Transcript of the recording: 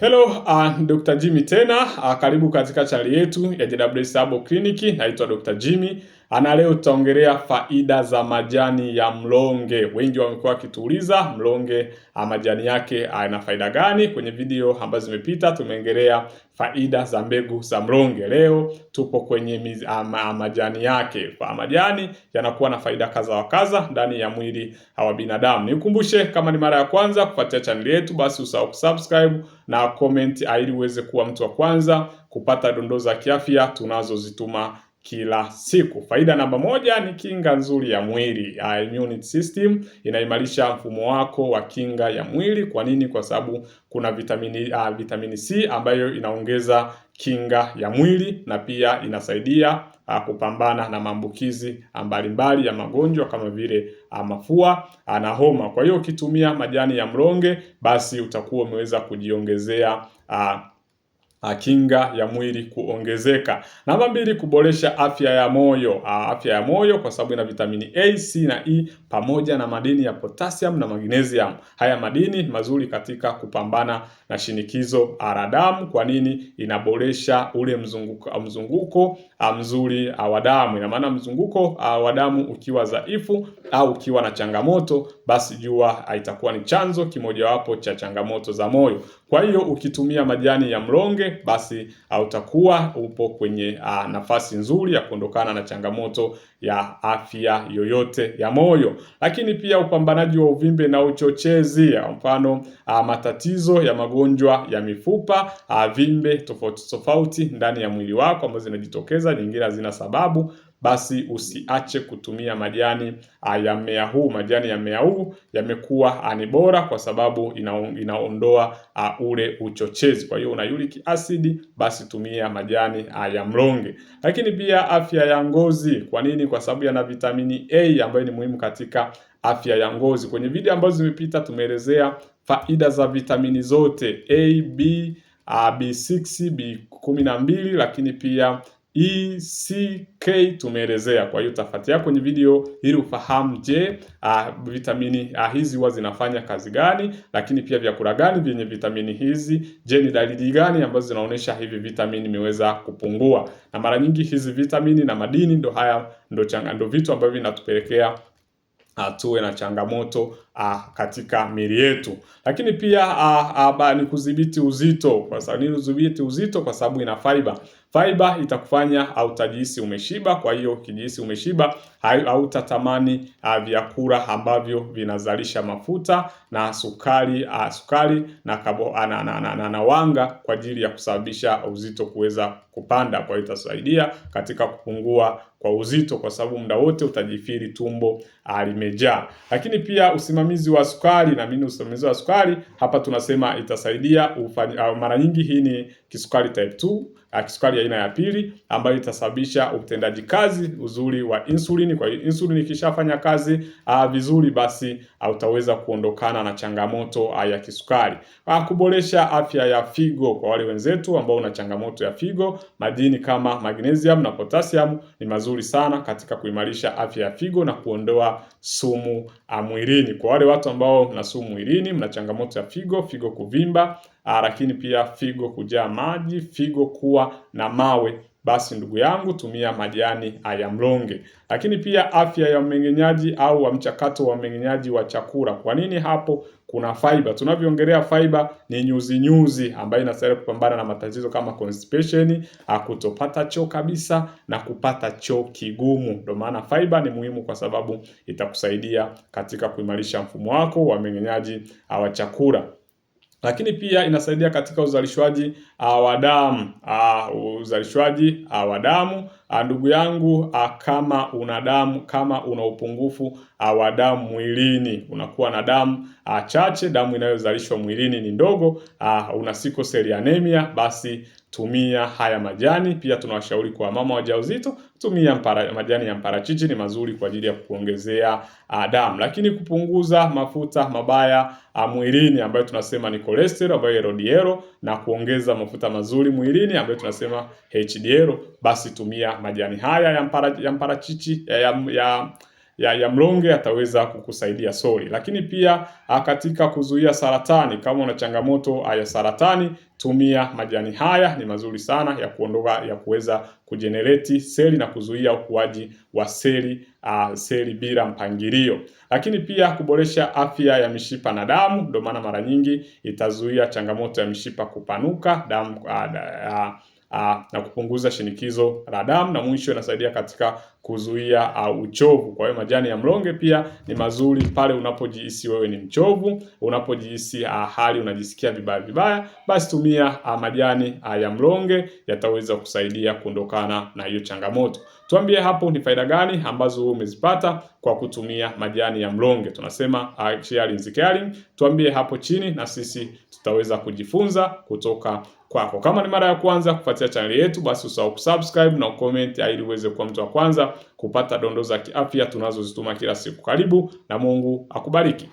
Hello, uh, Dr. Jimmy tena. Uh, karibu katika chaneli yetu ya JW Sabo Clinic. Naitwa Dr. Jimmy. Ana leo tutaongelea faida za majani ya mlonge. Wengi wamekuwa wakituuliza mlonge ah, majani yake ah, ana faida gani? Kwenye video ambazo zimepita tumeongelea faida za mbegu za mlonge. Leo tupo kwenye miz, ama, ah, majani yake. Kwa majani yanakuwa na faida kadha wa kadha ndani ya mwili wa binadamu. Nikukumbushe, kama ni mara ya kwanza kufuatia chaneli yetu, basi usahau kusubscribe na comment ili uweze kuwa mtu wa kwanza kupata dondoo za kiafya tunazozituma kila siku. Faida namba moja ni kinga nzuri ya mwili. Uh, immune system inaimarisha mfumo wako wa kinga ya mwili. Kwa nini? Kwa sababu kuna vitamini uh, ah, vitamini C ambayo inaongeza kinga ya mwili na pia inasaidia uh, kupambana na maambukizi ah, mbalimbali ya magonjwa kama vile uh, mafua uh, na homa. Kwa hiyo ukitumia majani ya mlonge, basi utakuwa umeweza kujiongezea uh, kinga ya mwili kuongezeka. Namba mbili, kuboresha afya ya moyo. Ah, afya ya moyo kwa sababu ina vitamini A, C na E pamoja na madini ya potassium na magnesium. Haya madini mazuri katika kupambana na shinikizo la damu. Kwa nini? Inaboresha ule mzunguko mzunguko ah, mzuri ah, wa damu. Ina maana mzunguko wa damu ukiwa dhaifu au ukiwa na changamoto, basi jua itakuwa ni chanzo kimojawapo cha changamoto za moyo. Kwa hiyo ukitumia majani ya mlonge basi ah, utakuwa upo kwenye uh, nafasi nzuri ya kuondokana na changamoto ya afya yoyote ya moyo. Lakini pia upambanaji wa uvimbe na uchochezi, mfano uh, matatizo ya magonjwa ya mifupa uh, vimbe tofauti tofauti ndani ya mwili wako ambazo zinajitokeza, nyingine hazina sababu basi usiache kutumia majani ah, ya mmea huu. Majani ya mmea huu yamekuwa ah, ni bora kwa sababu inaondoa ah, ule uchochezi. Kwa hiyo una uric acid, basi tumia majani ya mlonge. Lakini pia afya ya ngozi, kwa nini? Kwa sababu yana vitamini A ambayo ni muhimu katika afya ya ngozi. Kwenye video ambazo zimepita tumeelezea faida za vitamini zote A, B, B6, B12 lakini pia ECK tumeelezea. Kwa hiyo tafatia kwenye video ili ufahamu, je, uh, vitamini uh, hizi huwa zinafanya kazi gani, lakini pia vyakula gani vyenye vitamini hizi. Je, ni dalili gani ambazo zinaonyesha hivi vitamini imeweza kupungua? Na mara nyingi hizi vitamini na madini ndo haya ndo changa ndo vitu ambavyo vinatupelekea ah, tuwe na changamoto uh, katika miili yetu, lakini pia uh, uh, ni kudhibiti uzito. Kwa sababu ni kudhibiti uzito, kwa sababu ina fiber. Fiber itakufanya hautajihisi umeshiba. Kwa hiyo ukijihisi umeshiba, hautatamani uh, vyakula ambavyo vinazalisha mafuta na sukari uh, sukari na, kabo, na, na, na, na, na wanga kwa ajili ya kusababisha uzito kuweza kupanda. Kwa hiyo itasaidia katika kupungua kwa uzito, kwa sababu muda wote utajifiri tumbo uh, limejaa, lakini pia usimamizi usimamizi wa sukari na mbinu usimamizi wa sukari. Hapa tunasema itasaidia ufanya, mara nyingi hii ni kisukari type 2 Ah, kisukari aina ya, pili ambayo itasababisha utendaji kazi uzuri wa insulini. Kwa hiyo insulini ikishafanya kazi uh, vizuri basi uh, utaweza kuondokana na changamoto uh, ya kisukari. Uh, kuboresha afya ya figo kwa wale wenzetu ambao una changamoto ya figo, madini kama magnesium na potassium ni mazuri sana katika kuimarisha afya ya figo na kuondoa sumu uh, mwilini. Kwa wale watu ambao mna sumu mwilini, mna changamoto ya figo, figo kuvimba uh, lakini pia figo kujaa maji, figo kuwa kuwa na mawe, basi ndugu yangu, tumia majani ya mlonge. Lakini pia afya ya mmeng'enyaji au wa mchakato wa mmeng'enyaji wa chakula. Kwa nini hapo? Kuna fiber. Tunavyoongelea fiber ni nyuzi nyuzi ambayo inasaidia kupambana na matatizo kama constipation, ah, kutopata choo kabisa na kupata choo kigumu. Ndio maana fiber ni muhimu kwa sababu itakusaidia katika kuimarisha mfumo wako wa mmeng'enyaji ah, wa chakula lakini pia inasaidia katika uzalishwaji uh, wa damu uh, uzalishwaji uh, wa damu uh, ndugu yangu uh, kama una damu kama una upungufu uh, wa damu mwilini, unakuwa na damu uh, chache, damu inayozalishwa mwilini ni ndogo uh, una sickle cell anemia, basi tumia haya majani. Pia tunawashauri kwa mama wajawazito, tumia mpara, majani ya mparachichi ni mazuri kwa ajili ya kuongezea ah, damu, lakini kupunguza mafuta mabaya ah, mwilini ambayo tunasema ni cholesterol ambayo LDL na kuongeza mafuta mazuri mwilini ambayo tunasema HDL, basi tumia majani haya ya mparachichi eh, ya, ya, ya ya, ya mlonge ataweza kukusaidia sori Lakini pia ah, katika kuzuia saratani, kama una changamoto ah, ya saratani, tumia majani haya, ni mazuri sana ya kuondoka ya kuweza kujenereti seli na kuzuia ukuaji wa seli uh, seli bila mpangilio. Lakini pia kuboresha afya ya mishipa na damu, ndio maana mara nyingi itazuia changamoto ya mishipa kupanuka damu uh, uh, uh, na kupunguza shinikizo la damu, na mwisho inasaidia katika kuzuia uh, uchovu. Kwa hiyo majani ya mlonge pia ni mazuri pale unapojihisi wewe ni mchovu, unapojihisi uh, ah, hali unajisikia vibaya vibaya, basi tumia uh, majani uh, ya mlonge yataweza kusaidia kuondokana na hiyo changamoto. Tuambie hapo ni faida gani ambazo wewe umezipata kwa kutumia majani ya mlonge. Tunasema uh, sharing is caring. Tuambie hapo chini na sisi tutaweza kujifunza kutoka kwako. Kama ni mara ya kwanza kufuatia chaneli yetu, basi usahau kusubscribe na comment ili uweze kuwa mtu wa kwanza kupata dondoo za kiafya tunazozituma kila siku. Karibu na Mungu akubariki.